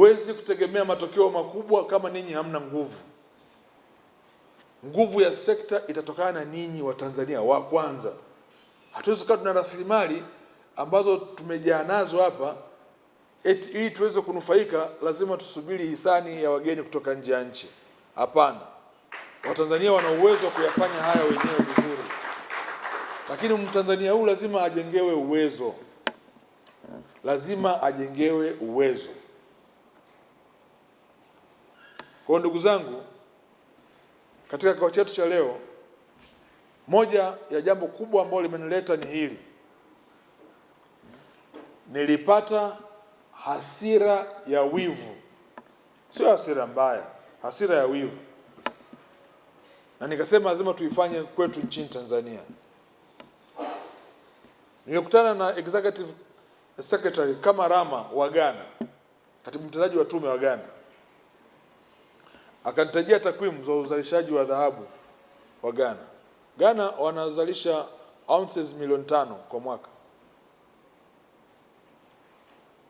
Huwezi kutegemea matokeo makubwa kama ninyi hamna nguvu. Nguvu ya sekta itatokana na ninyi Watanzania wa kwanza. Hatuwezi kuwa tuna rasilimali ambazo tumejaa nazo hapa eti ili tuweze kunufaika lazima tusubiri hisani ya wageni kutoka nje ya nchi. Hapana, Watanzania wana uwezo wa kuyafanya haya wenyewe vizuri, lakini mtanzania huyu lazima ajengewe uwezo, lazima ajengewe uwezo. Kwa ndugu zangu, katika kikao chetu cha leo, moja ya jambo kubwa ambalo limenileta ni hili. Nilipata hasira ya wivu, sio hasira mbaya, hasira ya wivu, na nikasema lazima tuifanye kwetu nchini Tanzania. Nilikutana na executive secretary rama wa Ghana, katibu mtendaji wa tume wa Ghana Akanitajia takwimu za uzalishaji wa dhahabu wa Ghana. Ghana wanazalisha ounces milioni tano kwa mwaka,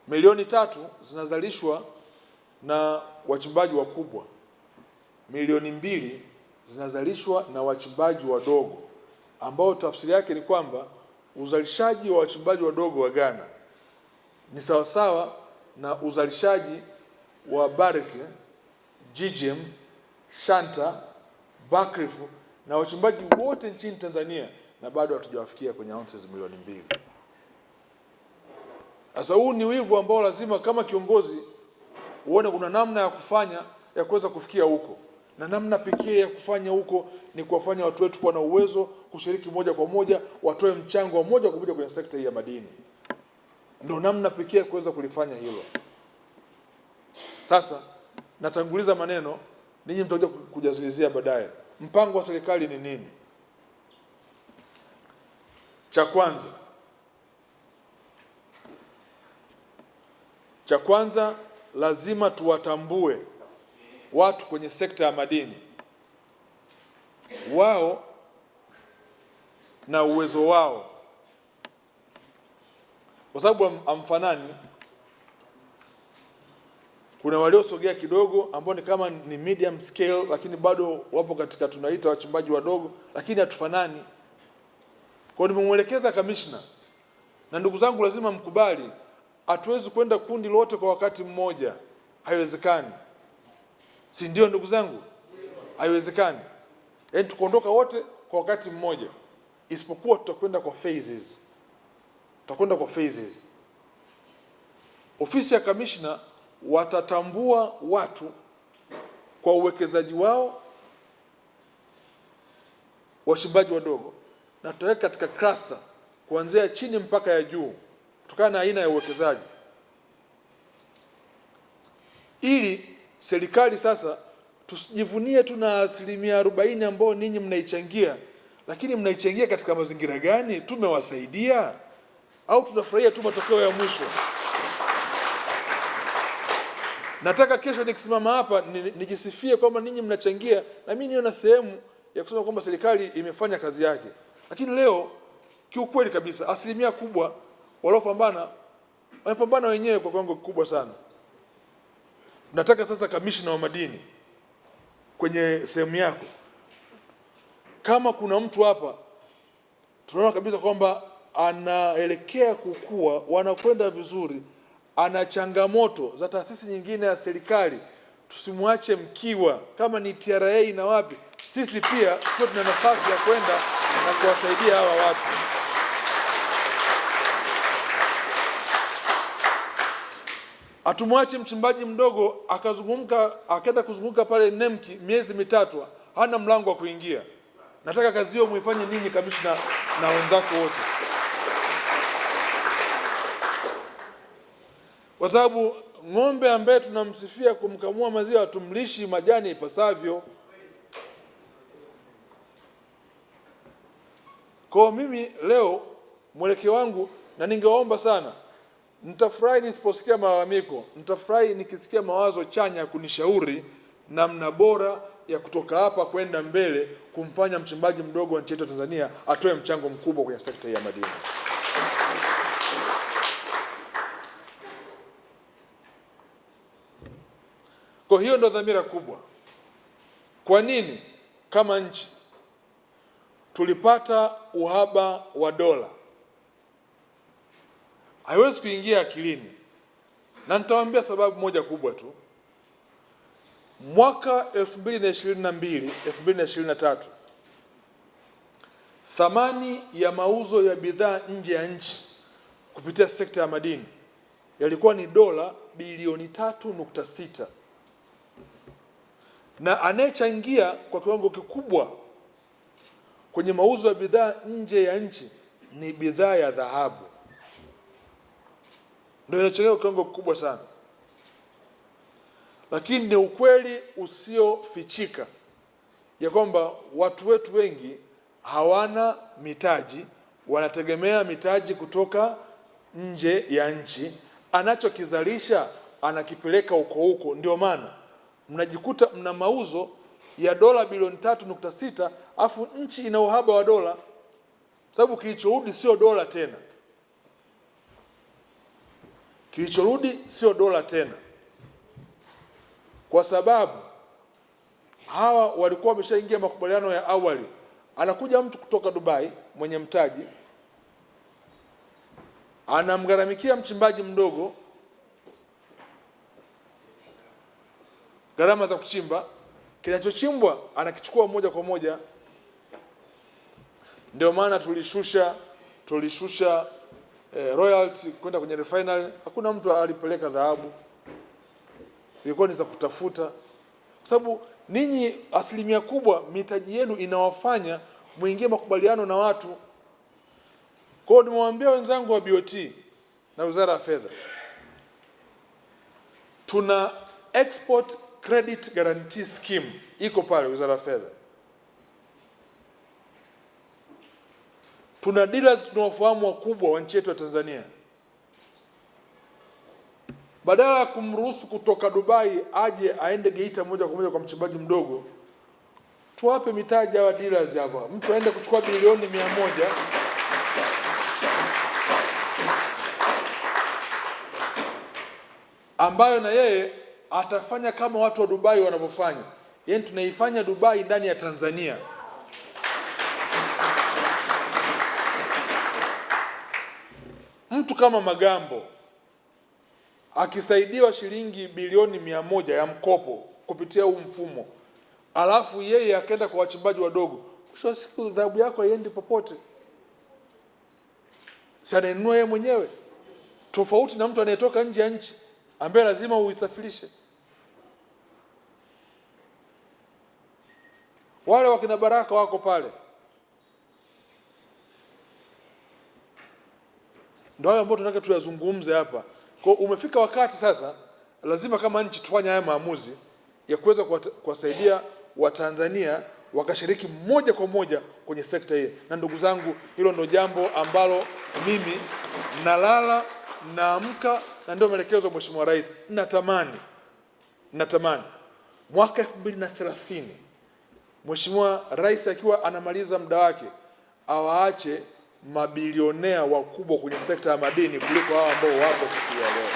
milioni tatu zinazalishwa na wachimbaji wakubwa, milioni mbili zinazalishwa na wachimbaji wadogo, ambao tafsiri yake ni kwamba uzalishaji wa wachimbaji wadogo wa Ghana ni sawasawa na uzalishaji wa Barrick GGM, Shanta, Buckreef na wachimbaji wote nchini Tanzania na bado hatujawafikia kwenye ounces milioni mbili. Sasa huu ni wivu ambao lazima kama kiongozi uone kuna namna ya kufanya ya kuweza kufikia huko, na namna pekee ya kufanya huko ni kuwafanya watu wetu kuwa na uwezo kushiriki moja kwa moja, watoe mchango wa moja kwa moja kwenye sekta hii ya madini. Ndio namna pekee ya kuweza kulifanya hilo. Sasa natanguliza maneno, ninyi mtakuja kujazilizia baadaye. Mpango wa serikali ni nini? Cha kwanza cha kwanza lazima tuwatambue watu kwenye sekta ya madini, wao na uwezo wao, kwa sababu amfanani kuna waliosogea kidogo ambao ni kama ni medium scale, lakini bado wapo katika tunaita wachimbaji wadogo, lakini hatufanani. Kwa nimemwelekeza kamishna, na ndugu zangu, lazima mkubali, hatuwezi kwenda kundi lote kwa wakati mmoja, haiwezekani, si ndio ndugu zangu? Haiwezekani yaani tukuondoka wote kwa wakati mmoja, isipokuwa tutakwenda kwa phases, tutakwenda kwa phases. Ofisi ya kamishna watatambua watu kwa uwekezaji wao wachimbaji wadogo, na tutaweka katika klasa kuanzia chini mpaka ya juu, kutokana na aina ya uwekezaji, ili serikali sasa tusijivunie tu na asilimia arobaini ambao ninyi mnaichangia, lakini mnaichangia katika mazingira gani? Tumewasaidia au tunafurahia tu matokeo ya mwisho? nataka kesho nikisimama hapa nijisifie kwamba ninyi mnachangia na mimi niwe na sehemu ya kusema kwamba serikali imefanya kazi yake. Lakini leo kiukweli kabisa, asilimia kubwa waliopambana wamepambana wenyewe kwa kiwango kikubwa sana. Nataka sasa kamishna wa madini kwenye sehemu yako, kama kuna mtu hapa tunaona kabisa kwamba anaelekea kukua, wanakwenda vizuri ana changamoto za taasisi nyingine ya serikali, tusimwache mkiwa. Kama ni TRA na wapi, sisi pia tuko tuna nafasi ya kwenda na kuwasaidia hawa watu. Hatumwache mchimbaji mdogo akazungumka akaenda kuzunguka pale Nemki miezi mitatu hana mlango wa kuingia. Nataka kazi hiyo muifanye ninyi kamishna na wenzako wote. kwa sababu ng'ombe ambaye tunamsifia kumkamua maziwa tumlishi majani ipasavyo. Kwa mimi leo mwelekeo wangu, na ningewaomba sana, nitafurahi nisiposikia malalamiko, nitafurahi nikisikia mawazo chanya kunishauri namna bora ya kutoka hapa kwenda mbele kumfanya mchimbaji mdogo wa nchi yetu ya Tanzania atoe mchango mkubwa kwenye sekta hii ya madini. Kwa hiyo ndo dhamira kubwa. Kwa nini kama nchi tulipata uhaba wa dola? Haiwezi kuingia akilini, na nitawaambia sababu moja kubwa tu. Mwaka 2022 2023 thamani ya mauzo ya bidhaa nje ya nchi kupitia sekta ya madini yalikuwa ni dola bilioni 3.6 na anayechangia kwa kiwango kikubwa kwenye mauzo ya bidhaa nje ya nchi ni bidhaa ya dhahabu, ndio inachangia kwa kiwango kikubwa sana, lakini ni ukweli usiofichika ya kwamba watu wetu wengi hawana mitaji, wanategemea mitaji kutoka nje ya nchi. Anachokizalisha anakipeleka huko huko, ndio maana mnajikuta mna mauzo ya dola bilioni tatu nukta sita afu nchi ina uhaba wa dola, sababu kilichorudi sio dola tena, kilichorudi sio dola tena, kwa sababu hawa walikuwa wameshaingia makubaliano ya awali. Anakuja mtu kutoka Dubai mwenye mtaji anamgharamikia mchimbaji mdogo gharama za kuchimba, kinachochimbwa anakichukua moja kwa moja. Ndio maana tulishusha tulishusha eh, royalty kwenda kwenye refinery. Hakuna mtu alipeleka dhahabu, ilikuwa ni za kutafuta, kwa sababu ninyi asilimia kubwa mitaji yenu inawafanya muingie makubaliano na watu. Kwa hiyo nimewaambia wenzangu wa BOT na Wizara ya Fedha, tuna export Credit Guarantee Scheme iko pale Wizara ya Fedha. Tuna dealers tunaofahamu wakubwa wa nchi yetu ya Tanzania. Badala ya kumruhusu kutoka Dubai aje aende Geita moja kwa moja kwa mchimbaji mdogo, tuwape mitaji hawa dealers hapa. Mtu aende kuchukua bilioni mia moja ambayo na yeye atafanya kama watu wa Dubai wanavyofanya, yaani tunaifanya Dubai ndani ya Tanzania. Mtu kama Magambo akisaidiwa shilingi bilioni mia moja ya mkopo kupitia huu mfumo, alafu yeye akaenda kwa wachimbaji wadogo, mwisho wa siku dhahabu yako haiendi popote, si anainunua yeye mwenyewe, tofauti na mtu anayetoka nje ya nchi ambaye lazima uisafirishe. Wale wakina Baraka wako pale, ndio hayo ambayo tunataka tuyazungumze hapa. Kwa umefika wakati sasa, lazima kama nchi tufanye haya maamuzi ya kuweza kuwasaidia Watanzania wakashiriki moja kwa moja kwenye sekta hii. Na ndugu zangu, hilo ndo jambo ambalo mimi nalala naamka, na ndio maelekezo ya Mheshimiwa Rais. Natamani natamani mwaka elfu mbili na thelathini Mheshimiwa Rais akiwa anamaliza muda wake awaache mabilionea wakubwa kwenye sekta ya madini kuliko hao ambao wapo siku ya leo.